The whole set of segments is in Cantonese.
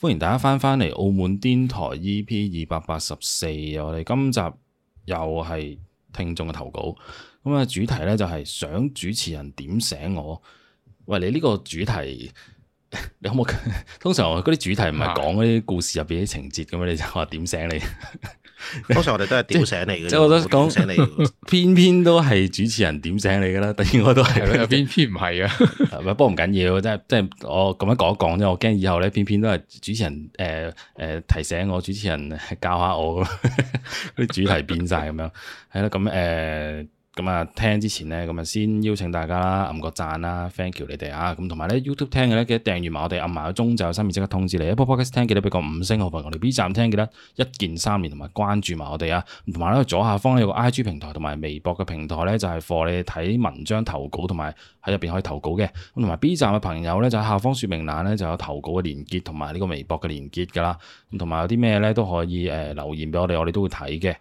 歡迎大家翻返嚟《澳門癲台 EP 二百八十四》啊！我哋今集又係聽眾嘅投稿，咁啊主題呢就係想主持人點醒我？喂，你呢個主題你可唔可？通常嗰啲主題唔係講嗰啲故事入邊啲情節咁樣，的你就話點醒你？ 通常我哋都係點醒你嘅，即係我都講醒你，偏偏都係主持人點醒你噶啦，突然我都係 偏偏唔係啊，不過唔緊要，即係即係我咁樣講一講啫，我驚以後咧偏偏都係主持人誒誒、呃呃、提醒我，主持人教下我，啲 主題變晒咁樣，係啦， 咁、呃、誒。咁啊，聽之前咧，咁啊先邀請大家啦，按個讚啦，thank you 你哋啊，咁同埋咧 YouTube 聽嘅咧記得訂閱埋我哋，按埋個鐘就有新片即刻通知你。Apple Podcast 聽記得俾個五星號，我哋 B 站聽記得一鍵三連同埋關注埋我哋啊。同埋咧左下方有個 IG 平台同埋微博嘅平台咧就係、是、for 你睇文章投稿同埋喺入邊可以投稿嘅。咁同埋 B 站嘅朋友咧就喺下方説明欄咧就有投稿嘅連結同埋呢個微博嘅連結噶啦。咁同埋有啲咩咧都可以誒、呃、留言俾我哋，我哋都會睇嘅。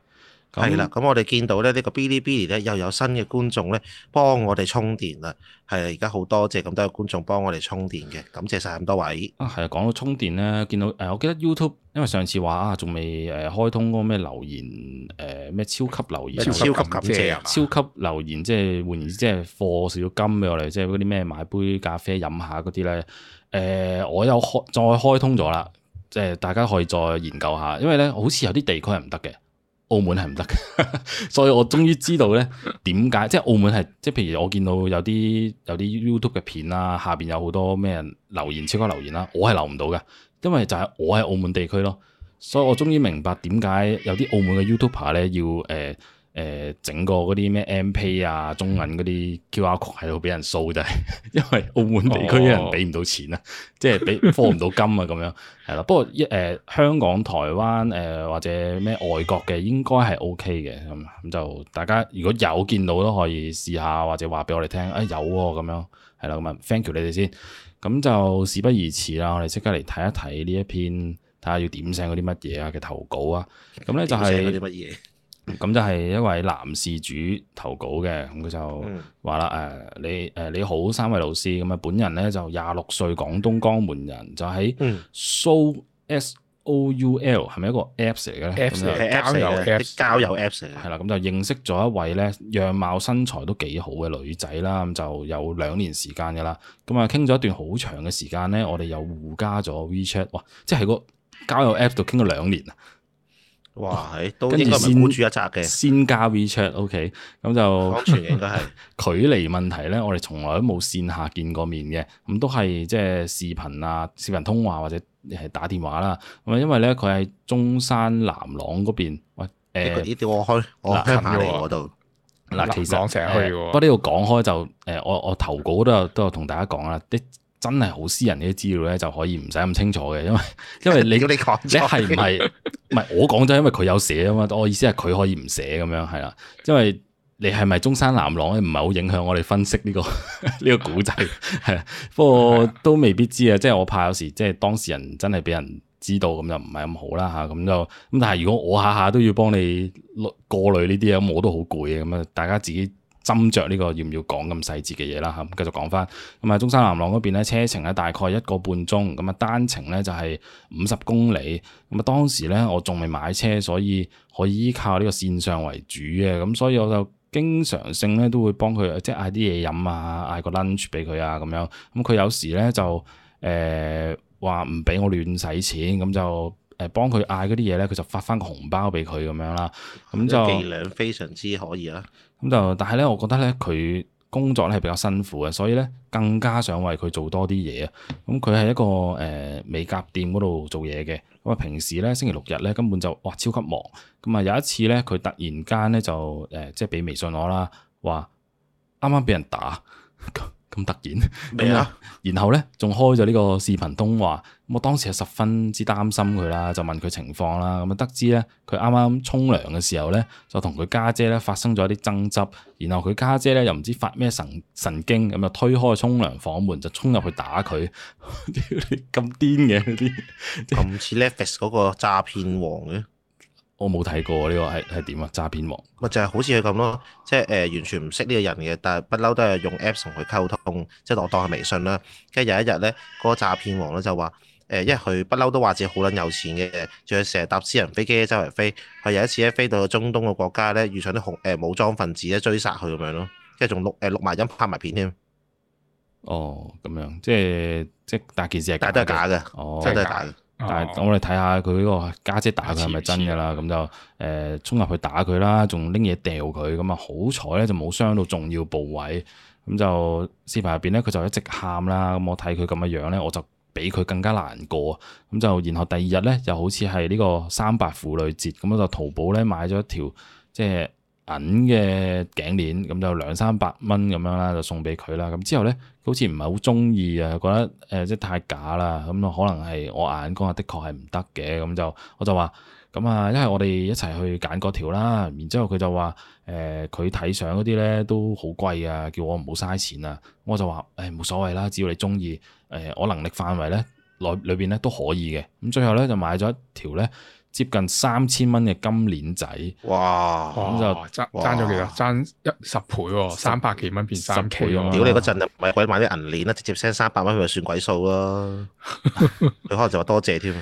係啦，咁、嗯、我哋見到咧呢個嗶哩嗶哩 b 咧又有新嘅觀眾咧幫我哋充電啦，係啊，而家好多謝咁多嘅觀眾幫我哋充電嘅，感謝晒咁多位。啊，係啊，講到充電咧，見到誒、呃，我記得 YouTube，因為上次話啊，仲未誒開通嗰個咩留言誒咩、呃、超級留言，超級感謝，嗎超級留言，即係換言之，即係放少金俾我哋，即係嗰啲咩買杯咖啡飲下嗰啲咧。誒、呃，我有開再開通咗啦，即係大家可以再研究下，因為咧好似有啲地區係唔得嘅。澳門係唔得嘅， 所以我終於知道咧點解，即係澳門係即係譬如我見到有啲有啲 YouTube 嘅片啊，下邊有好多咩人留言、超級留言啦、啊，我係留唔到嘅，因為就係我喺澳門地區咯，所以我終於明白點解有啲澳門嘅 YouTuber 咧要誒。呃誒、呃，整個嗰啲咩 MPay 啊，中銀嗰啲 QR code 喺度俾人掃就係，因為澳門地區啲人俾唔到錢啊，哦、即係俾放唔到金啊咁樣，係啦。 不過一誒、呃、香港、台灣誒、呃、或者咩外國嘅應該係 OK 嘅咁，咁就大家如果有見到都可以試下，或者話俾我哋聽，誒、哎、有喎、啊、咁樣，係啦。咁啊，thank you 你哋先，咁就事不宜遲啦，我哋即刻嚟睇一睇呢一篇，睇下要點醒嗰啲乜嘢啊嘅投稿啊，咁咧就係。咁就係一位男事主投稿嘅，咁佢就話啦誒，嗯 uh, 你誒你好，三位老師，咁啊本人咧就廿六歲，廣東江門人，就喺 Soul，係咪一個 Apps 嚟嘅咧？Apps 係 Apps 嚟嘅，交友 Apps 嚟嘅。係啦，咁就認識咗一位咧，樣貌身材都幾好嘅女仔啦，咁就有兩年時間嘅啦。咁啊傾咗一段好長嘅時間咧，我哋又互加咗 WeChat，哇！即係個交友 Apps 度傾咗兩年啊！哇，係，都應一擲嘅，先加 WeChat，OK，okay？咁就安 全距離問題咧，我哋從來都冇線下見過面嘅，咁都係即係視頻啊、視頻通話或者係打電話啦。咁啊，因為咧佢喺中山南朗嗰邊，喂誒，呢啲我去，我聽下嚟嗰度。嗱、呃，其實不過呢度講開就誒、呃，我我投稿都有都有同大家講啦，啲真係好私人呢啲資料咧就可以唔使咁清楚嘅。因為因為你 你講錯，你唔係？唔係我講真，因為佢有寫啊嘛。我意思係佢可以唔寫咁樣係啦。因為你係咪中山南朗咧，唔係好影響我哋分析呢、呢個呢 個古仔。係不過都未必知啊。即係我怕有時即係當事人真係俾人知道咁就唔係咁好啦吓，咁就咁，但係如果我下下都要幫你過濾呢啲咁，我都好攰啊。咁啊，大家自己。斟酌呢個要唔要講咁細節嘅嘢啦嚇，咁、嗯、繼續講翻咁啊，中山南朗嗰邊咧，車程咧，大概一個半鐘，咁啊，單程咧，就係五十公里。咁啊,當時咧，我仲未買車，所以可以依靠呢個線上為主嘅咁，所以我就經常性咧都會幫佢即嗌啲嘢飲啊，嗌個 lunch 俾佢啊咁樣。咁佢有時咧就誒話唔俾我亂使錢咁就。呃誒幫佢嗌嗰啲嘢咧，佢就發翻個紅包俾佢咁樣啦。咁就計量非常之可以啦。咁就但係咧，我覺得咧佢工作咧係比較辛苦嘅，所以咧更加想為佢做多啲嘢啊。咁佢係一個誒、呃、美甲店嗰度做嘢嘅，咁啊平時咧星期六日咧根本就哇超級忙。咁啊有一次咧，佢突然間咧就誒、呃、即係俾微信我啦，話啱啱俾人打。 咁突然，咩啊？然後呢，仲開咗呢個視頻通話。咁我當時係十分之擔心佢啦，就問佢情況啦。咁啊，得知呢，佢啱啱沖涼嘅時候呢，就同佢家姐呢發生咗啲爭執。然後佢家姐呢，又唔知發咩神神經，咁就推開沖涼房門就沖入去打佢。咁癲嘅啲，咁似 Netflix 嗰個詐騙王嘅。我冇睇過呢個係係點啊？詐騙王咪就係好似佢咁咯，即係誒、呃、完全唔識呢個人嘅，但係不嬲都係用 Apps 同佢溝通，即係我當係微信啦。跟住有一日咧，嗰、那個詐騙王咧就話誒、呃，因為佢不嬲都話自己好撚有錢嘅，仲要成日搭私人飛機周圍飛。佢有一次咧飛到個中東嘅國家咧，遇上啲紅誒、呃、武裝分子咧追殺佢咁樣咯，跟住仲錄誒、呃、錄埋音拍埋片添。哦，咁樣即係即係，但係其實係假嘅，真係假嘅。假嘅。但係我哋睇下佢呢個家姐，姐打佢係咪真嘅啦？咁就誒、呃、衝入去打佢啦，仲拎嘢掉佢，咁啊好彩咧就冇傷到重要部位。咁就視頻入邊咧，佢就一直喊啦。咁我睇佢咁嘅樣咧，我就比佢更加難過。咁就然後第二日咧，又好似係呢個三八婦女節，咁就淘寶咧買咗一條即係，銀嘅頸鏈咁就兩三百蚊咁樣啦，就送俾佢啦。咁之後呢，佢好似唔係好中意啊，覺得誒、呃、即係太假啦。咁啊，可能係我眼光我啊，的確係唔得嘅。咁就我就話咁啊，一係我哋一齊去揀嗰條啦。然之後佢就話誒，佢、呃、睇相嗰啲呢都好貴啊，叫我唔好嘥錢啊。我就話誒，冇所謂啦，只要你中意，誒、呃、我能力範圍呢，內裏邊咧都可以嘅。咁最後呢，就買咗一條呢，接近三千蚊嘅金鏈仔，哇！咁就爭爭咗幾多？爭一十倍喎，三百幾蚊變三十倍啊！倍啊啊屌你嗰陣啊，咪鬼買啲銀鏈啦，直接 send 三百蚊佢算鬼數咯，佢 可能就話多謝添。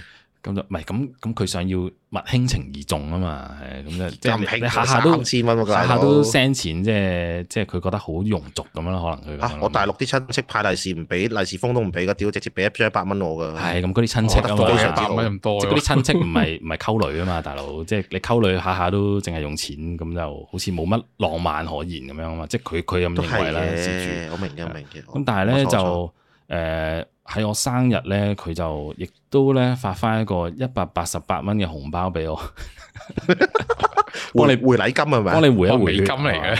咁就唔係咁咁，佢想要物輕情意重啊嘛，係咁即係唔平，下下都三千蚊，下下都 send 錢，即係即係佢覺得好庸俗咁樣咯，可能佢我大陸啲親戚派利是唔俾利是封都唔俾噶，屌直接俾一張一百蚊我噶。係咁嗰啲親戚，咁啊，百蚊咁多。即係嗰啲親戚唔係唔係溝女啊嘛，大佬，即係你溝女下下都淨係用錢，咁就好似冇乜浪漫可言咁樣啊嘛，即係佢佢咁認為啦。都係，我明嘅，我明嘅。咁但係咧就。誒，喺、呃、我生日咧，佢就亦都咧發翻一個一百八十八蚊嘅紅包俾我，幫 你 回禮金係咪？幫你回一回金嚟嘅，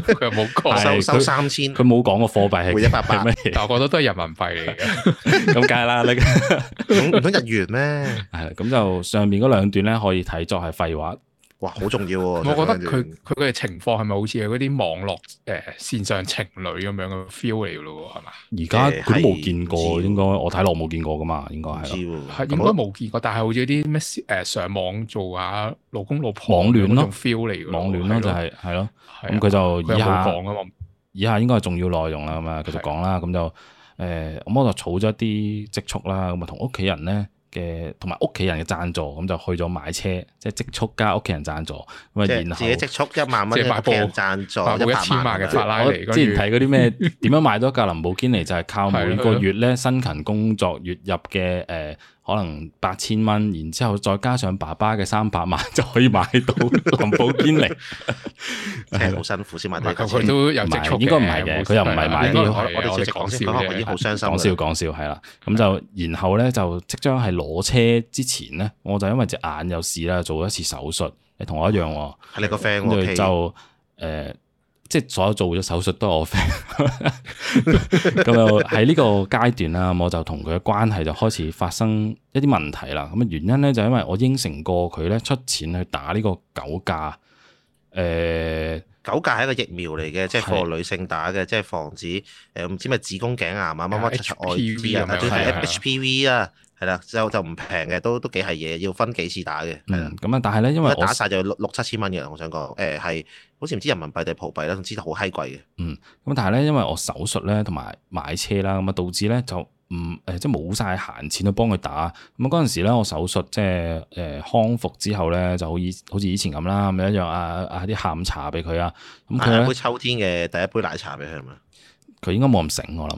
佢冇講收收三千，佢冇講個貨幣係一百八，但 100 8 我覺得都係人民幣嚟嘅，咁梗係啦，你咁唔通日元咩？係，咁就上面嗰兩段咧，可以睇作係廢話。哇，好重要喎！我覺得佢佢嘅情況係咪好似係嗰啲網絡誒線上情侶咁樣嘅 feel 嚟嘅咯，係嘛？而家佢冇見過，應該我睇落冇見過噶嘛，應該係咯。知應該冇見過，但係好似啲咩誒上網做下老公老婆網戀咯，feel 嚟嘅。網戀咯，就係係咯。咁佢就以後講啊嘛，以下應該係重要內容啦，咁啊繼續講啦。咁就誒我就儲咗一啲積蓄啦，咁啊同屋企人咧。嘅同埋屋企人嘅贊助，咁就去咗買車，即係積蓄加屋企人贊助，咁啊是，然後自己積蓄一萬蚊，即係買部贊助，買一千萬嘅法拉利。我之前睇嗰啲咩點樣買到架林寶堅尼，就係靠每個月咧辛 勤工作月入嘅誒。呃可能八千蚊，然之後再加上爸爸嘅三百萬就可以買到林寶堅尼，係好辛苦先買到，佢都有積蓄嘅，應該唔係嘅，佢又唔係買。我哋只係講笑，我已經好傷心，講笑講笑係啦。咁就然後咧就即將係攞車之前咧，我就因為隻眼有事啦，做一次手術，你同我一樣喎，係你個 friend 喎，跟住就誒。即係所有做咗手術都係我 friend，咁又喺呢個階段啦，我就同佢嘅關係就開始發生一啲問題啦。咁啊原因咧就因為我應承過佢咧出錢去打呢個九價，誒九價係一個疫苗嚟嘅，是即係個女性打嘅，即係防止誒唔知咩子宮頸癌啊、乜乜柒柒愛滋啊，或者係 H P V 啊。係啦，之後就唔平嘅，都都幾係嘢，要分幾次打嘅。嗯，咁啊，但係咧，因為打晒就六六七千蚊嘅啦，我想講，誒係，好似唔知人民幣定葡幣啦，總之好閪貴嘅。嗯，咁但係咧，因為我手術咧同埋買車啦，咁啊導致咧就唔誒、呃、即係冇晒閒錢去幫佢打。咁嗰陣時咧我手術即係誒康復之後咧就以好以好似以前咁啦，咁樣一樣啊，啊啲下午茶俾佢啊。咁佢咧杯秋天嘅第一杯奶茶俾佢係咪？佢應該冇咁醒我諗。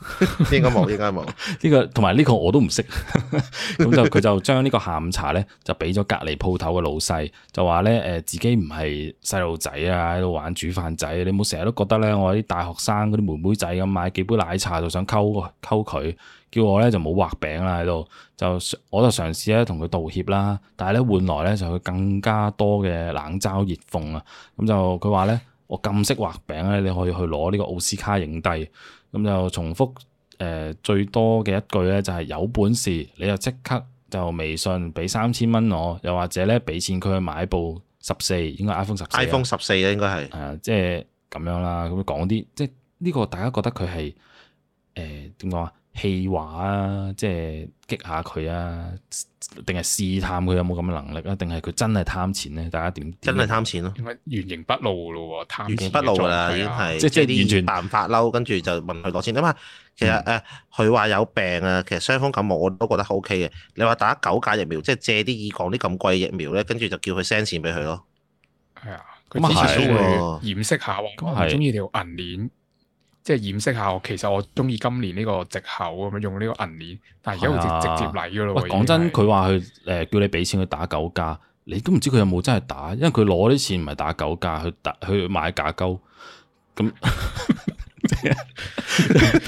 應該冇，應該冇。呢、 呢個同埋呢個我都唔識，咁 就佢就將呢個下午茶咧就俾咗隔離鋪頭嘅老細，就話咧誒自己唔係細路仔啊喺度玩煮飯仔，你冇成日都覺得咧我啲大學生嗰啲妹妹仔咁買幾杯奶茶就想溝個溝佢，叫我咧就冇畫餅啦喺度，就，就我就嘗試咧同佢道歉啦，但係咧換來咧就佢更加多嘅冷嘲熱諷啊，咁就佢話咧。我咁識畫餅咧，你可以去攞呢個奧斯卡影帝。咁就重複誒、呃、最多嘅一句咧，就係、是、有本事你就即刻就微信俾三千蚊我，又或者咧俾錢佢去買部十四，應該 iPhone 十四 iPhone 十四啊，應該係，係啊、嗯就是，即係咁樣啦，咁講啲，即係呢個大家覺得佢係誒點講啊？呃戲話啊，即係激下佢啊，定係試探佢有冇咁嘅能力啊？定係佢真係貪錢咧？大家點？真係貪錢咯，因為原形不露咯喎，貪錢原不露㗎啦，已經係即係即係啲辦法嬲，跟住就問佢攞錢。你話其實誒，佢話、嗯呃、有病啊，其實傷風感冒我都覺得 O K 嘅。你話打九價疫苗，即係借啲意講啲咁貴疫苗咧，跟住就叫佢 send 錢俾佢咯。係啊、嗯，佢啊係，掩飾下喎，佢中意條銀鏈。即係掩飾下我，我其實我中意今年呢個藉口咁樣用呢個銀鏈，但係而家好似直接嚟噶咯。喂、啊，講真，佢話佢誒叫你俾錢去打九價，你都唔知佢有冇真係打，因為佢攞啲錢唔係打九價，去打去買架鈎，咁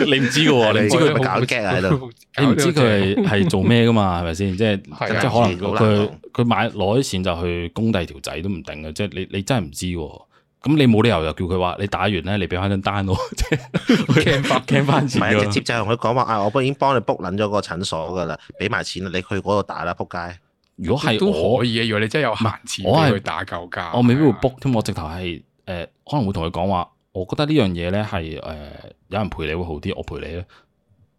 你唔知噶喎， 你唔知佢搞 get 啊喺度，你唔知佢係係做咩噶嘛，係咪先？即係即係可能佢佢買攞啲錢就去工地條仔都唔定啊，即係你你真係唔知。咁你冇理由又叫佢話你打完咧， 你俾翻張單我，即係慳翻錢直接就同佢講話啊！我都已經幫你 book 捻咗個診所噶啦，俾埋錢你去嗰度打啦，仆街！如果係都可以嘅，如果你真係有閒錢，我係去打舊價，我未必會 book 添。的我直頭係誒，可能會同佢講話，我覺得呢樣嘢咧係誒，有人陪你會好啲，我陪你咯。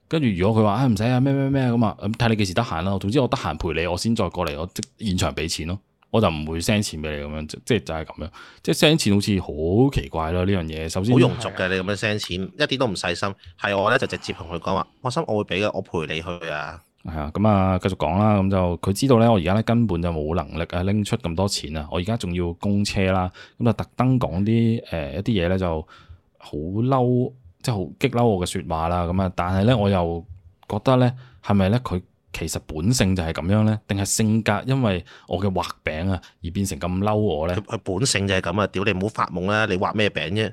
跟住如果佢話啊唔使啊咩咩咩咁啊，咁、哎、睇你幾時得閒咯。總之我得閒陪你，我先再過嚟，我即現場俾錢咯。我就唔會 send 錢俾你咁、就是、樣，即即就係咁樣，即 send 錢好似好奇怪咯呢樣嘢。首先好、就、庸、是、俗嘅，啊、你咁樣 send 錢，一啲都唔細心。係我咧就直接同佢講話，我心我會俾嘅，我陪你去啊。係啊，咁、嗯、啊繼續講啦，咁、嗯、就佢知道咧，我而家咧根本就冇能力啊拎出咁多錢啊，我而家仲要供車啦，咁、嗯、啊特登講啲誒一啲嘢咧就好嬲，即、就、好、是、激嬲我嘅説話啦。咁、嗯、啊，但係咧我又覺得咧係咪咧佢？是其實本性就係咁樣咧，定係性格因為我嘅畫餅啊而變成咁嬲我咧？佢本性就係咁啊！屌你唔好發夢啦！你畫咩餅啫？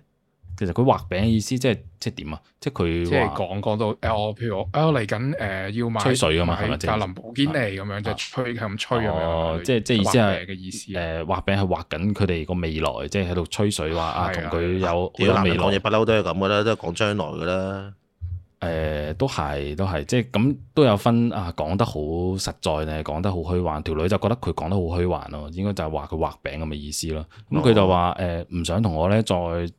其實佢畫餅嘅意思、就是就是就是、即係即係點啊？即係佢即係講講到誒，譬如我誒嚟緊誒要吹水啊嘛，係咪、就是？林寶堅尼咁樣即係對 吹係咁吹啊！即係即係意思係、就、嘅、是呃、意思。誒、呃、畫餅係畫緊佢哋個未來，即係喺度吹水話啊，同佢有好多，啊 啊、有好多未來。不嬲都係咁噶啦，都係講將來噶啦。誒都係，都係，即係咁都有分啊！講得好實在咧，講得好虛幻。條女就覺得佢講得好虛幻咯，應該就係話佢畫餅咁嘅意思咯。咁佢、哦、就話誒唔想同我咧再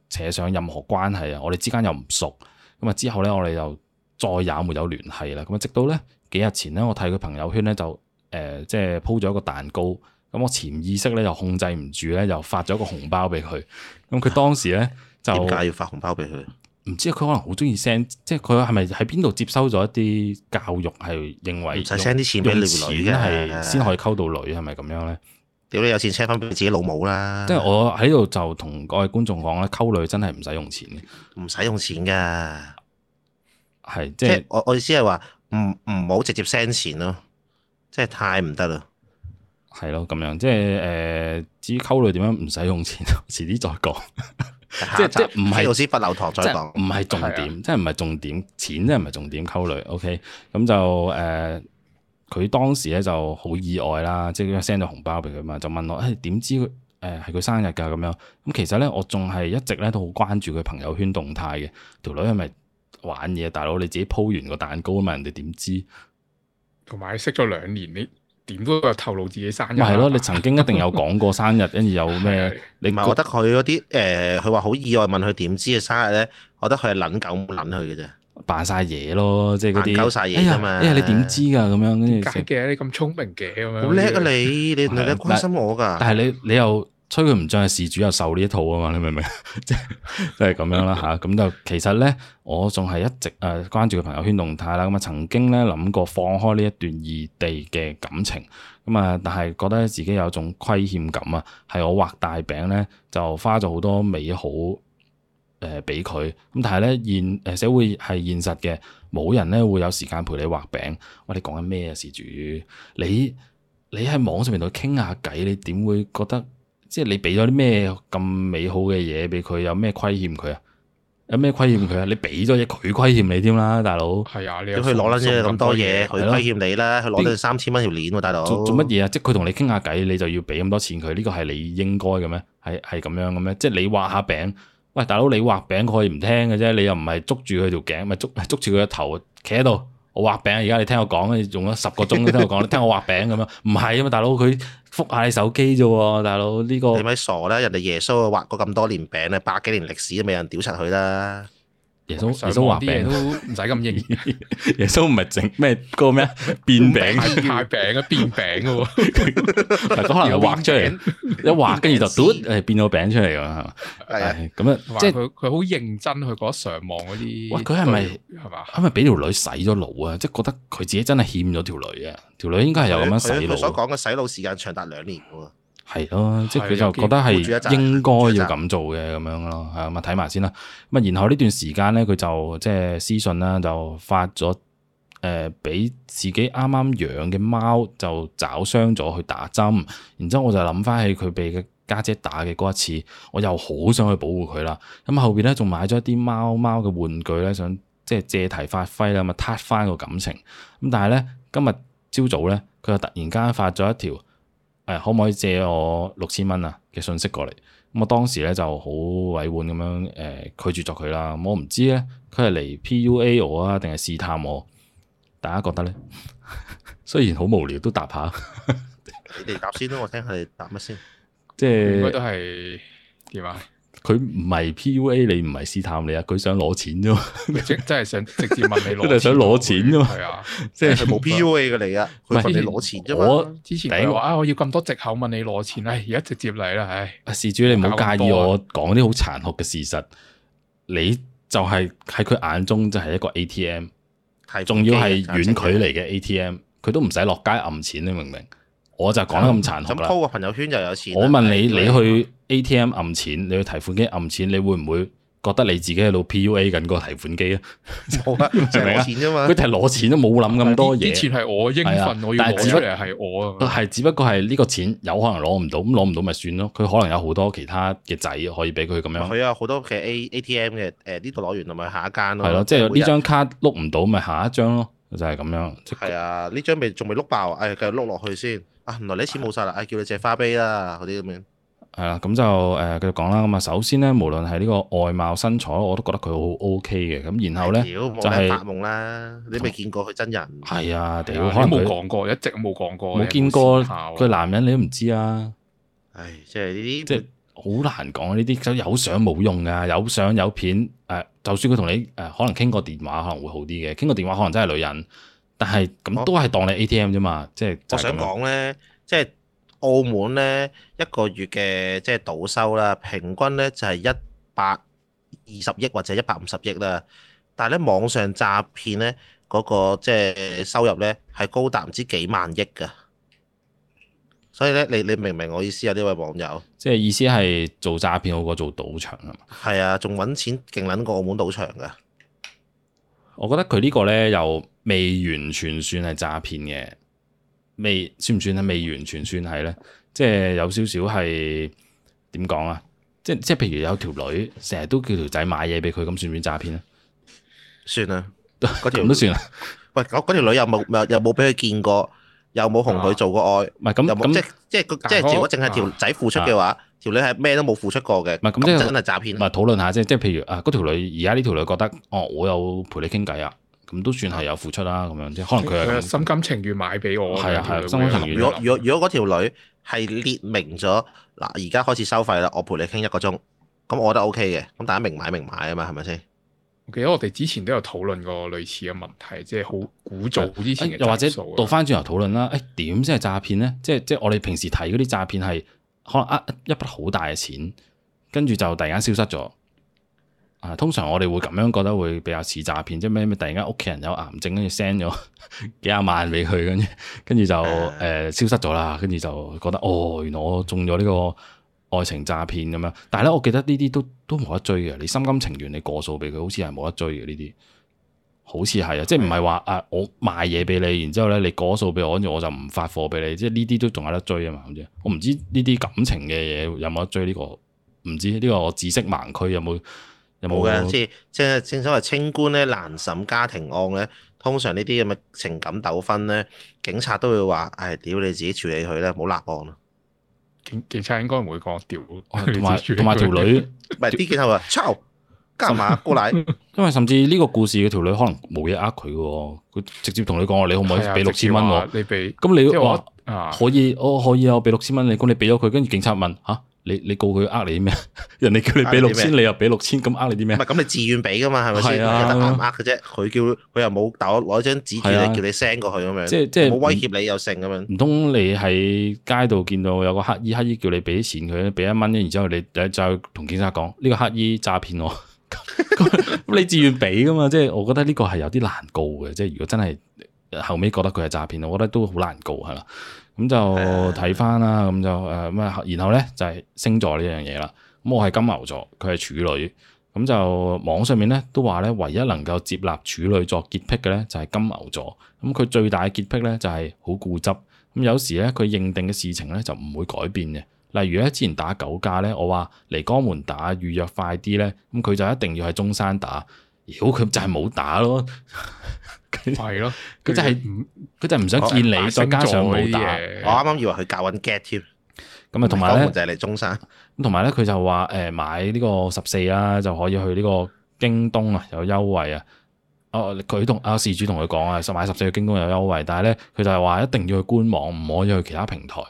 扯上任何關係啊！我哋之間又唔熟，咁啊之後咧我哋就再也沒有聯繫啦。咁啊直到咧幾日前咧，我睇佢朋友圈咧就誒、呃、即係 po 咗一個蛋糕。咁我潛意識咧又控制唔住咧，又發咗個紅包俾佢。咁佢當時咧就點解要發紅包俾佢？唔知啊，佢可能好中意 send，即係佢係咪喺邊度接收咗一啲教育，係認為唔使 send 啲錢俾女，係先可以溝到女，係咪咁樣咧？屌你有錢 send 翻俾自己老母啦！即係我喺度就同各位觀眾講咧，溝女真係唔使用錢，唔使用，用錢噶，係即係我我意思係話，唔唔好直接 send 錢咯，即係太唔得啦。係咯，咁樣即係誒、呃，至於溝女點樣唔使用錢，遲啲再講。 即係即係唔係老師罰留堂再講，唔係重點，即係唔係重點，是的 錢即係唔係重點，溝女，OK，咁就誒，佢、呃、當時咧就好意外啦，即係 send 咗紅包俾佢嘛，就問我誒點、哎、知誒係佢生日噶咁樣，咁其實咧我仲係一直咧都好關注佢朋友圈動態嘅，條女係咪玩嘢大佬，你自己鋪完個蛋糕啊嘛，人哋點知，同埋識咗兩年你。點都係透露自己生日，啊。咪係咯，你曾經一定有講過生日，跟住有咩？唔係，覺得佢嗰啲誒，佢話好意外問佢點知嘅生日咧，覺得佢係撚狗冇撚佢嘅啫，扮晒嘢咯，即係嗰啲搞晒嘢啊嘛，因、哎、為、哎、你點知㗎咁樣？點解嘅？你咁聰明嘅咁樣？ 好叻啊你！你 你都關心我㗎。 但係你你又。催佢唔漲，係事主又受呢一套啊嘛！你明唔明？即係即係咁樣啦嚇。咁就、 啊、其實咧，我仲係一直誒關注佢朋友圈動態啦。咁啊，曾經咧諗過放開呢一段異地嘅感情。咁啊，但係覺得自己有種虧欠感啊，係我畫大餅咧，就花咗好多美好誒俾佢。咁、呃、但係咧現誒社會係現實嘅，冇人咧會有時間陪你畫餅。喂，你講緊咩啊事主？你你喺網上面度傾下偈，你點會覺得？即係你俾咗啲咩咁美好嘅嘢俾佢，有咩虧欠佢啊？有咩虧欠佢啊？你俾咗嘢，佢虧欠你添啦，大佬。係啊，你去攞啦，咗咁多嘢，佢了虧欠你啦。佢攞咗三千蚊條鏈喎啊，大佬。做乜嘢啊？即係佢同你傾下偈，你就要俾咁多錢佢？呢個係你應該嘅咩？係係咁樣嘅咩？即係你畫下餅，喂，大佬你畫餅，佢可以唔聽嘅啫。你又唔係捉住佢條頸，咪捉捉住佢個頭企喺度。我畫餅、啊，而家你聽我講，你用咗十個鐘你聽我講， 聽我畫餅咁樣，唔係啊嘛，大佬佢覆下你手機啫喎，大佬呢個你咪傻啦，人哋耶穌畫過咁多年餅咧，百幾年歷史都未有人屌柒佢啦。耶穌上網啲嘢都唔使咁認，耶穌唔係整咩嗰咩變餅，賣餅啊變餅嘅，可能係畫出嚟，一畫跟住就嘟，誒變咗餅出嚟噶係嘛，係咁樣，即係佢佢好認真去嗰上網嗰啲，佢係咪係嘛，係咪俾條女洗咗腦啊？即係覺得佢自己真係欠咗條女啊，條女應該係有咁樣洗腦。佢所講嘅洗腦時間長達兩年噶。係咯，啊啊、即係佢就覺得係應該要咁做嘅咁、嗯、樣咯，係咁、嗯、啊睇埋先啦。咁啊，然後呢段時間咧，佢就即係私信啦，就，是、就發咗誒俾自己啱啱養嘅貓就爪傷咗，去打針。然之後我就諗翻起佢俾佢家姐打嘅嗰一次，我又好想去保護佢啦。咁、嗯、後邊咧，仲買咗一啲貓貓嘅玩具咧，想即係借題發揮啦，咁啊 touch 翻個感情。咁、嗯、但係咧，今日朝早咧，佢就突然間發咗一條。可唔可以借我六千蚊啊嘅信息過嚟？咁我當時咧就好委婉咁樣誒拒絕咗佢啦。我唔知咧佢係嚟 PUA 我啊，定係試探我？大家覺得咧？雖然好無聊都答下。 你哋答先啦，我聽佢哋答乜先？即係，應都係，點啊？佢唔係 P.U.A.，你唔係試探你啊！佢想攞錢啫， 真係想直接問你攞。 佢就係想攞錢啫嘛我，係啊，即係佢冇 P.U.A. 嘅你啊，佢想你攞錢啫。我之前話啊，我要咁多借口問你攞錢啊，而家、 哎、直接嚟啦，係、哎。啊，事主你唔好介意我講啲好殘酷嘅事實。你就係喺佢眼中就係一個 A.T.M.，仲要係遠距離嘅 A.T.M.，佢都唔使落街揞錢，你明唔明？我就講得咁殘酷啦。咁 po 個朋友圈就有錢，我問你，的你去？ATM 暗錢，你去提款機暗錢，你會唔會覺得你自己喺度 PUA 緊個提款機啊？就係攞錢啫嘛，佢提攞錢都冇諗咁多嘢。啲錢係我應份，啊、我要攞出嚟係我，不我。係是我只不過係呢個錢有可能攞唔到，咁攞唔到咪算、啊呃、咯。佢可能有好多其他嘅仔可以俾佢咁樣。佢啊，好多嘅 ATM 嘅誒呢度攞完，同埋下一間咯。係咯，即係呢張卡碌唔到咪下一張咯，就係、是、咁樣。係啊，呢張未仲未碌爆，誒、哎、繼續碌落去先。啊，原來啲錢冇晒啦，誒、啊、叫你借花唄啦嗰啲咁樣。係啦，咁就誒繼續講啦。咁啊，首先咧，無論係呢個外貌身材，我都覺得佢好 O K 嘅。咁然後咧，就係發夢啦。你未見過佢真人？係啊，屌，你冇講過，一直冇講過，冇見過佢男人，你都唔知啊。唉，即係呢啲，即係好難講。呢啲有相冇用噶，有相有片。誒，就算佢同你誒可能傾過電話，可能會好啲嘅。傾過電話可能真係女人，但係咁都係當你 A T M 啫嘛。即係、哦、我想講咧，即係。澳門咧一個月嘅即係賭收啦，平均咧就係一百二十億或者一百五十億啦。但係咧網上詐騙咧嗰個即係收入咧係高達唔知幾萬億㗎。所以咧，你你明唔明我意思啊？呢位網友，即係意思係做詐騙好過做賭場啊？係啊，仲揾錢勁撚過澳門賭場㗎。我覺得佢呢個咧又未完全算係詐騙嘅。未算唔算啊？未完全算係咧，即係有少少係點講啊？即係即係，譬如有條女成日都叫條仔買嘢俾佢，咁算唔算詐騙咧？算啊，嗰條都算啊？條 算喂，嗰條女有冇又冇俾佢見過，又冇同佢做過愛，唔係咁咁即即係即係如果淨係條仔付出嘅話，條、啊、女係咩都冇付出過嘅，唔係咁即真係詐騙。唔係討論下先，即係譬如啊，嗰條女而家呢條女覺得哦，我有陪你傾偈啊。咁都算係有付出啦，咁樣即係可能佢係心甘情願買俾我。係啊，係啊，心甘情願。如果如果如果嗰條女係列明咗嗱，而家、嗯、開始收費啦，我陪你傾一個鐘，咁我覺得 O K 嘅。咁大家明買明買啊嘛，係咪先？Okay, 我記得我哋之前都有討論過類似嘅問題，即係好古早之的前、哎、又或者倒翻轉頭討論啦，誒點先係詐騙咧？即係即係我哋平時睇嗰啲詐騙係可能啊一筆好大嘅錢，跟住就突然間消失咗。啊，通常我哋會咁樣覺得會比較似詐騙，即係咩咩突然間屋企人有癌症，跟住 send 咗幾廿萬俾佢，跟住跟住就誒、呃、消失咗啦，跟住就覺得哦，原來我中咗呢個愛情詐騙咁樣。但係咧，我記得呢啲都都冇得追嘅，你心甘情願，你過數俾佢，好似係冇得追嘅呢啲，好似係啊，的即係唔係話啊我賣嘢俾你，然之後咧你過數俾我，跟住我就唔發貨俾你，即係呢啲都仲有，有得追啊嘛。咁我唔知呢啲感情嘅嘢有冇得追呢個，唔知呢、呢個我知識盲區有冇？冇嘅，有有有，即即，正所謂清官咧難審家庭案咧，通常呢啲咁嘅情感糾紛咧，警察都會話：唉、哎，屌你自己處理佢啦，唔好立案咯。警警察應該唔會講屌，同埋同埋條女，唔係啲警察話：操，加埋過奶。」 因為甚至呢個故事嘅條女可能冇嘢呃佢嘅，佢直接同你講話：你可唔可以俾六千蚊我？咁你話被、啊、可以，我可以啊，我俾六千蚊你。咁你俾咗佢，跟住警察問嚇。啊你你告佢呃你啲咩？人哋叫你俾六千，你又俾六千，咁呃你啲咩？唔係咁，你自願俾噶嘛，係咪先？啊、你有得呃嘅啫。佢叫佢又冇，但攞張紙住叫你 send 過去咁樣，即係即係冇威脅你又剩咁樣。唔通你喺街度見到有個乞衣乞衣叫你俾錢佢咧，俾一蚊然之後你再同警察講呢、這個乞衣詐騙我，咁 你自願俾噶嘛？即係我覺得呢個係有啲難告嘅，即係如果真係後尾覺得佢係詐騙，我覺得都好難告係啦。咁就睇翻啦，咁就誒咩、呃，然後咧就係、是、星座呢樣嘢啦。咁我係金牛座，佢係處女，咁就網上面咧都話咧，唯一能夠接納處女座潔癖嘅咧就係金牛座。咁佢最大嘅潔癖咧就係好固執。咁有時咧佢認定嘅事情咧就唔會改變嘅。例如咧之前打九價咧，我話嚟江門打預約快啲咧，咁佢就一定要喺中山打。妖，佢就係冇打咯，係咯，佢真係唔，佢就係唔想見你，再加上冇打。我啱啱以為佢教緊 get 添。咁啊，同埋咧就係嚟中山。咁同埋咧，佢就話誒買呢個十四啊，就可以去呢個京東啊有優惠啊。哦，佢同啊事主同佢講啊，買十四去京東有優惠，但係咧佢就係話一定要去官網，唔可以去其他平台。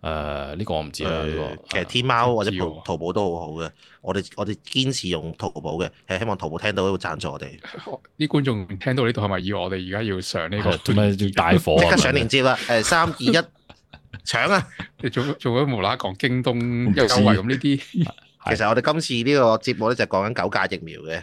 誒，呢、呃這個我唔知啦。嗯，這個，其實天貓或者淘淘寶都好好嘅，嗯、我哋我哋堅持用淘寶嘅，係希望淘寶聽到呢度贊助我哋。啲 觀眾聽到呢度係咪以為我哋而家要上呢、這個咩大火？即 刻上鏈接啦！誒、呃，三二一，搶啊！做做咗無啦講京東有優惠咁呢啲。這些 其實我哋今次呢個節目咧就講緊九價疫苗嘅，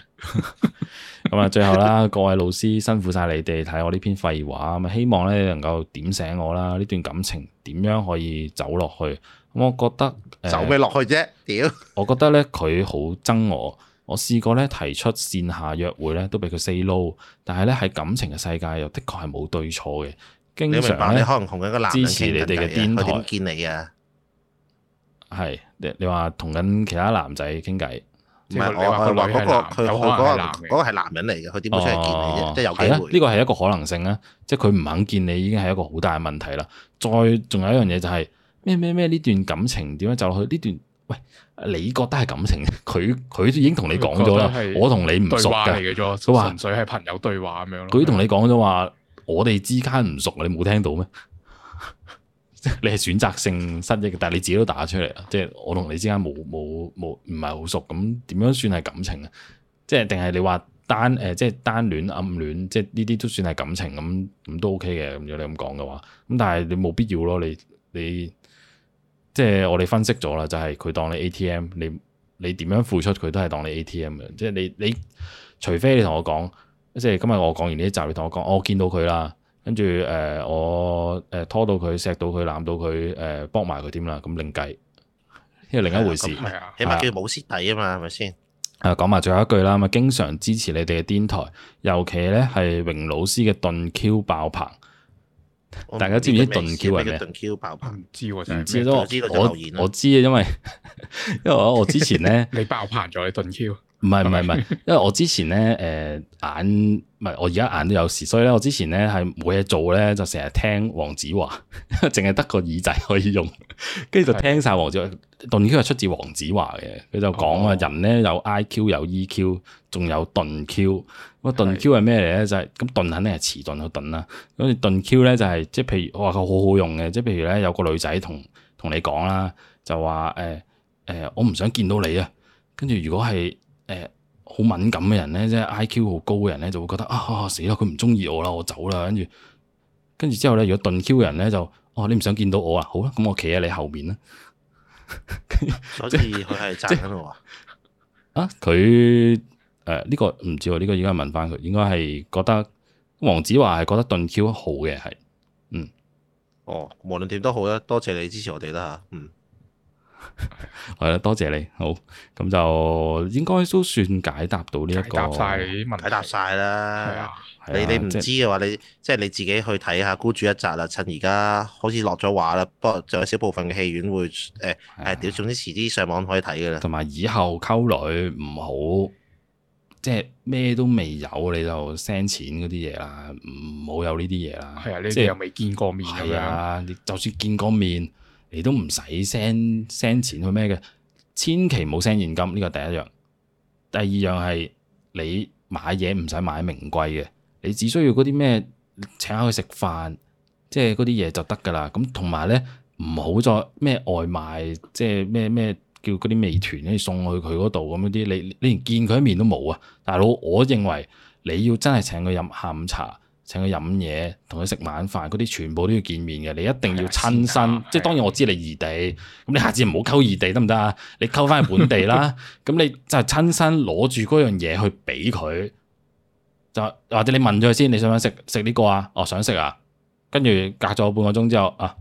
咁啊 最後啦，各位老師辛苦晒，你哋睇我呢篇廢話，咁啊希望咧能夠點醒我啦，呢段感情點樣可以走落去？咁我覺得走咩落去啫？屌！我覺得咧佢好憎我，我試過咧提出綫下約會咧都俾佢 say no，但係咧喺感情嘅世界又的確係冇對錯嘅，經常咧可能同佢一個男支持你哋嘅癲台見你啊。係你你話同緊其他男仔傾偈，唔係佢話嗰個佢個嗰個係男人嚟嘅，佢點會出去見你啫？哦、即係有機會呢個係一個可能性啦，即係佢唔肯見你已經係一個好大嘅問題啦。再仲有一樣嘢就係咩咩咩呢段感情點樣就落去呢段？喂，你覺得係感情？佢佢已經同你講咗啦，實我同你唔熟嘅，佢純粹係朋友對話咁樣。佢同說你講咗話，我哋之間唔熟，你冇聽到咩？ 你係選擇性失憶嘅，但係你自己都打出嚟啦，即係我同你之間冇冇冇唔係好熟，咁點樣算係感情啊？即係定係你話單誒、呃，即係單戀暗戀，即係呢啲都算係感情咁，咁都 OK 嘅，咁樣你咁講嘅話，咁但係你冇必要咯，你你即係我哋分析咗啦，就係、是、佢當你 ATM，你你點樣付出佢都係當你 ATM 嘅，即係你你除非你同我講，即係今日我講完呢一集，你同我講，我見到佢啦。跟住誒，我誒拖到佢，錫到佢，攬到佢，誒搏埋佢點啦？咁另計，因為另一回事，啊、是起碼叫冇蝕底啊嘛，係咪先？誒講埋最後一句啦，咁啊，經常支持你哋嘅電台，尤其咧係榮老師嘅盾 Q 爆棚，大家知唔知盾 Q 係咩？盾 Q 爆棚，唔知喎，唔 知都我知道我，我知啊，因為因為， 因為我我之前咧， 你爆棚咗，你盾 Q。 唔係唔係唔係， 因為我之前咧，誒、呃、眼唔係我而家眼都有事，所以咧我之前咧係冇嘢做咧，就成日聽黃子華，淨 係得個耳仔可以用，跟住就聽晒黃子華鈍的 Q 係出自黃子華嘅，佢就講啊，人咧、哦、有 I Q 有 E Q，仲有鈍 Q，咁鈍 Q 係咩嚟咧？就係咁鈍肯定係遲鈍去鈍啦，咁你鈍 Q 咧就係即係譬如我話佢好好用嘅，即係譬如咧有個女仔同同你講啦，就話誒誒我唔想見到你啊，跟住如果係。誒，好、呃、敏感嘅人咧，即、就、係、是、I.Q. 好高嘅人咧，就會覺得啊，死啦，佢唔中意我啦，我走啦，跟住，跟住之後咧，如果鈍 Q 嘅人咧就，哦，你唔想見到我啊，好啦，咁我企喺你後面啦。所以佢係窒緊我啊？啊，佢誒，呢、呃這個唔知喎，呢、這個應該問返佢，應該係覺得黃子華係覺得鈍 Q 好嘅係，嗯。哦，無論點都好啦，多謝你支持我哋啦吓，嗯。係啦，多謝你，好，咁就應該都算解答到呢、這、一個問題解答晒啦、啊。你你唔知嘅話，啊、即你即係你自己去睇下，孤注一擲啦。趁而家開始落咗畫啦，不過就有少部分嘅戲院會誒誒屌，總之遲啲上網可以睇噶啦。同埋以後溝女唔好即係咩都未有，你就 send 錢嗰啲嘢啦，唔好有呢啲嘢啦。係啊，你即係又未見過面。係啊，你就算見過面。你都唔使 send send 錢去咩嘅，千祈冇 send 現金，呢個第一樣。第二樣係你買嘢唔使買名貴嘅，你只需要嗰啲咩請下佢食飯，即係嗰啲嘢就得㗎啦。咁同埋咧，唔好再咩外賣，即係咩咩叫嗰啲美團送去佢嗰度咁嗰啲，你你連見佢一面都冇啊！大佬，我認為你要真係請佢飲下午茶。請佢飲嘢，同佢食晚飯，嗰啲全部都要見面嘅。你一定要親身，即係當然我知你異地，咁你下次唔好溝異地得唔得啊？你溝翻去本地啦，咁 你就係親身攞住嗰樣嘢去俾佢，就或者你問咗佢先，你想唔想食食呢個啊？哦，想食啊！跟住隔咗半個鐘之後啊，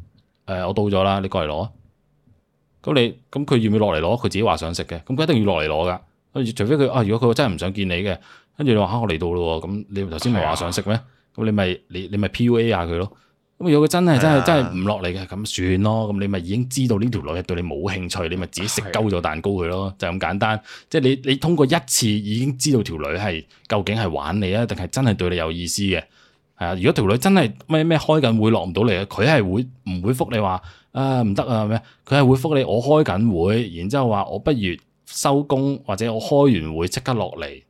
誒我到咗啦，你過嚟攞。咁你咁佢要唔要落嚟攞？佢自己話想食嘅，咁佢一定要落嚟攞㗎。除非佢啊，如果佢真係唔想見你嘅，跟住你話嚇、啊、我嚟到啦喎，咁你頭先咪係話想食咩？咁你咪你你咪 PUA 下佢咯。咁如果真係真係真係唔落嚟嘅，咁、啊、算咯。咁你咪已經知道呢條女係對你冇興趣，你咪自己食鳩咗蛋糕佢咯，係啊，就咁簡單。即係你你通過一次已經知道條女係究竟係玩你啊，定係真係對你有意思嘅？係啊，如果條女真係咩咩開緊會落唔到嚟嘅，佢係會唔會覆你話啊唔得啊咩？佢係會覆你，我開緊會，然之後話我不如收工，或者我開完會即刻落嚟。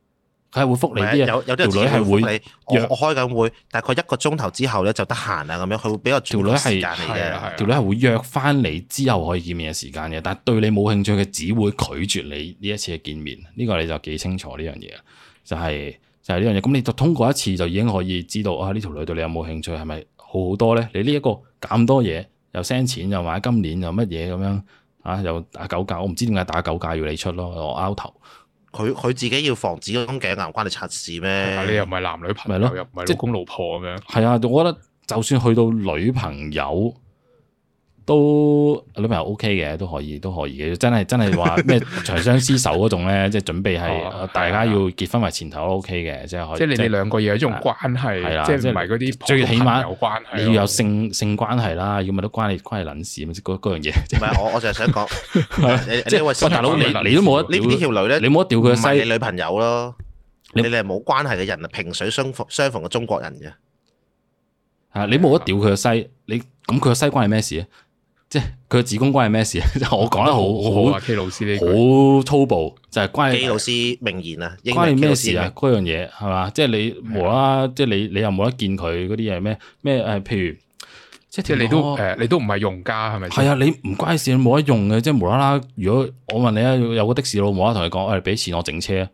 係會復你嘅，有有啲條女係會約，會我開緊會，大概一個鐘頭之後咧就得閒啊，咁樣，佢會比較條女係時間嘅，啊啊、條女係會約翻你之後可以見面嘅時間嘅。但係對你冇興趣嘅，只會拒絕你呢一次嘅見面。呢、呢個你就幾清楚呢樣嘢啦，就係、係、就係呢樣嘢。咁你就通過一次就已經可以知道啊，呢條女對你有冇興趣係咪好好多咧？你呢一個咁多嘢又 send 錢又話今年又乜嘢咁樣啊？又打九價，我唔知點解打九價要你出咯，我 out 頭。佢自己要防止嗰種頸癌關，關你柒事咩？你又唔係男女朋友，是的又唔係老公老婆咩？係啊，我覺得就算去到女朋友。都女朋友 O K 嘅，都可以，都可以嘅。真係真係話咩長相廝守嗰種咧，即係準備係大家要結婚為前頭 O K 嘅，即係可以。即係你哋兩個有呢種關係，即係同埋嗰啲最起碼你要有性性關係啦，要咪都關你關係捻事咪？即嗰嗰樣嘢。唔係我我就係想講，即係喂大佬你都冇得呢呢條女咧，你冇得吊佢個西女朋友咯。你哋係冇關係嘅人，萍水相逢相逢嘅中國人嘅。啊，你冇得吊佢個西，你咁佢個西關係咩事啊？即係佢嘅子宮關你咩事啊？ 我講得，得好好，K 老師呢好粗暴，就係、是、關 K 老師名言啊，iss, 關你咩事啊？嗰 樣嘢係嘛？即係你無啦啦，即係你你又冇得見佢嗰啲嘢咩咩誒？譬如即係你都誒，無故你都唔係用家係咪？係啊，你唔關事，你冇得用嘅。即係無啦啦，如果我問你啊，有個的士佬冇得同你講，誒，俾、哎、錢我整車。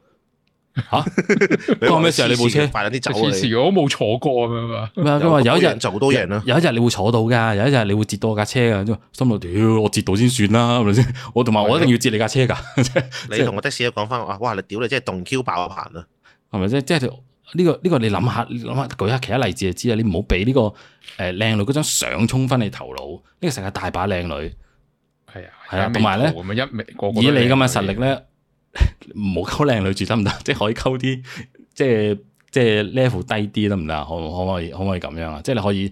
吓，嗰個咩時候你部車快啲走嚟？時我冇坐過啊嘛。咩啊？佢話有一日做到贏咯，有一日你會坐到噶，有一日你會截到我架車噶。心諗屌，我截到先算啦，係咪先？我同埋我一定要截你架車噶。你同我的士都講翻話，「哇！你屌你，真係動 Q 爆棚啊！」係咪先？即係呢個呢個，你諗下諗下，舉下其他例子就知啊。你唔好俾呢個誒靚女嗰張相沖昏你頭腦。呢個世界大把靚女，係啊，係啊，同埋咧，一以你咁嘅實力咧。唔好溝靚女住得唔得？即係可，可以溝啲，即係即係 level 低啲得唔得？可唔可以可唔可以咁樣啊？即係你可以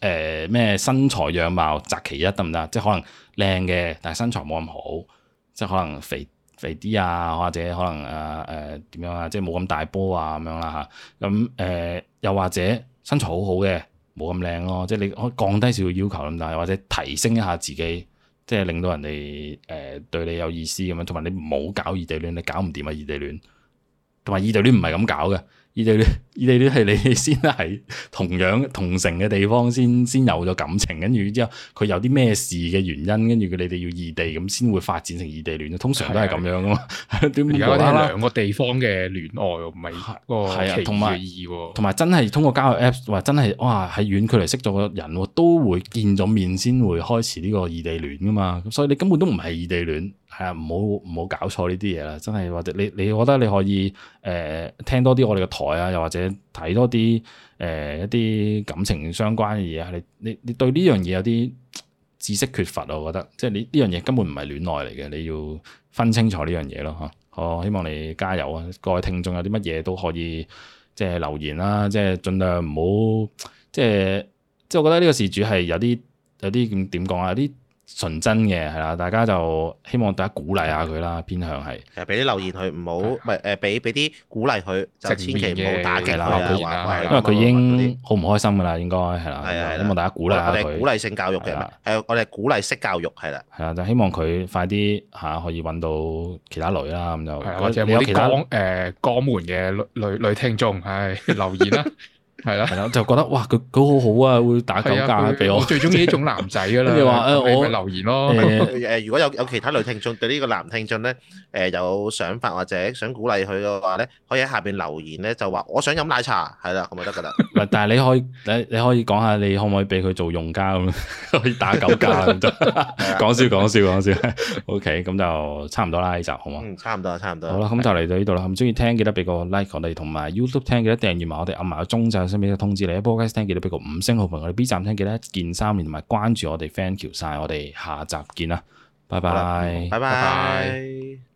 誒咩、呃、身材樣貌擇其一得唔得？即係可能靚嘅，但係身材冇咁好，即係可能肥肥啲啊，或者可能誒誒點樣啊？即係冇咁大波啊咁樣啦吓。咁、嗯、誒、呃、又或者身材好好嘅，冇咁靚咯，即係你可以降低少少要求得唔得？或者提升一下自己。即係令到人哋誒、呃、對你有意思咁樣，同埋你冇搞異地戀，你搞唔掂啊！異地戀同埋異地戀唔係咁搞嘅。異地戀，異地戀係你先係同樣同城嘅地方先先有咗感情，跟住之後佢有啲咩事嘅原因，跟住佢你哋要異地咁先會發展成異地戀。通常都係咁樣噶嘛，點解？兩個地方嘅戀愛唔係的個奇遇二，同埋的真係通過交友 apps 話真係哇喺遠距離識咗個人都會見咗面先會開始呢個異地戀噶嘛，所以你根本都唔係異地戀。係啊，唔好唔好搞錯呢啲嘢啦，真係或者你你覺得你可以誒、呃、聽多啲我哋嘅台啊，又或者睇多啲誒一啲、呃、感情相關嘅嘢啊，你你你對呢樣嘢有啲知識缺乏，我覺得即係你呢樣嘢根本唔係戀愛嚟嘅，你要分清楚呢樣嘢咯嚇。我、啊、希望你加油啊！各位聽眾有啲乜嘢都可以即係留言啦，即係盡量唔好即係即係我覺得呢個事主係有啲有啲咁點講啊，有啲。有純真嘅係啦，大家就希望大家鼓勵下佢啦，偏向係誒俾啲留言佢，唔好唔係俾俾啲鼓勵佢，就千祈唔好打擊佢啊，因為佢已經好唔開心噶啦，應該係啦，希望大家鼓勵下佢。鼓勵性教育嘅，係我哋鼓勵式教育，係啦。係啊，希望佢快啲嚇可以揾到其他女啦，咁就或者有啲江誒江門嘅女女聽眾係留言啦。係啦，係啦，就覺得哇，佢佢好好啊，會打九價俾我。最中意呢種男仔噶啦，咁你話誒，我留言咯。誒誒，如果有有其他女聽眾對呢個男聽眾咧，誒有想法或者想鼓勵佢嘅話咧，可以喺下邊留言咧，就話我想飲奶茶，係啦，咁咪得噶啦。唔係，但係你可以你你可以講下，你可唔可以俾佢做用家咁，可以打九價咁。講笑講笑講笑。OK，咁就差唔多啦呢集，好嘛？嗯，差唔多，差唔多。好啦，咁就嚟到呢度啦。咁中意聽，記得俾個 like 我哋，同埋 YouTube 聽，記得訂閱埋我哋，撳埋個鐘就，身邊嘅通知你，Podcast 聽，記得俾個五星好評，我哋 B 站聽，記得一鍵三連同埋關注我哋 thank you 晒，我哋下集見啦，拜拜，拜拜。拜拜拜拜。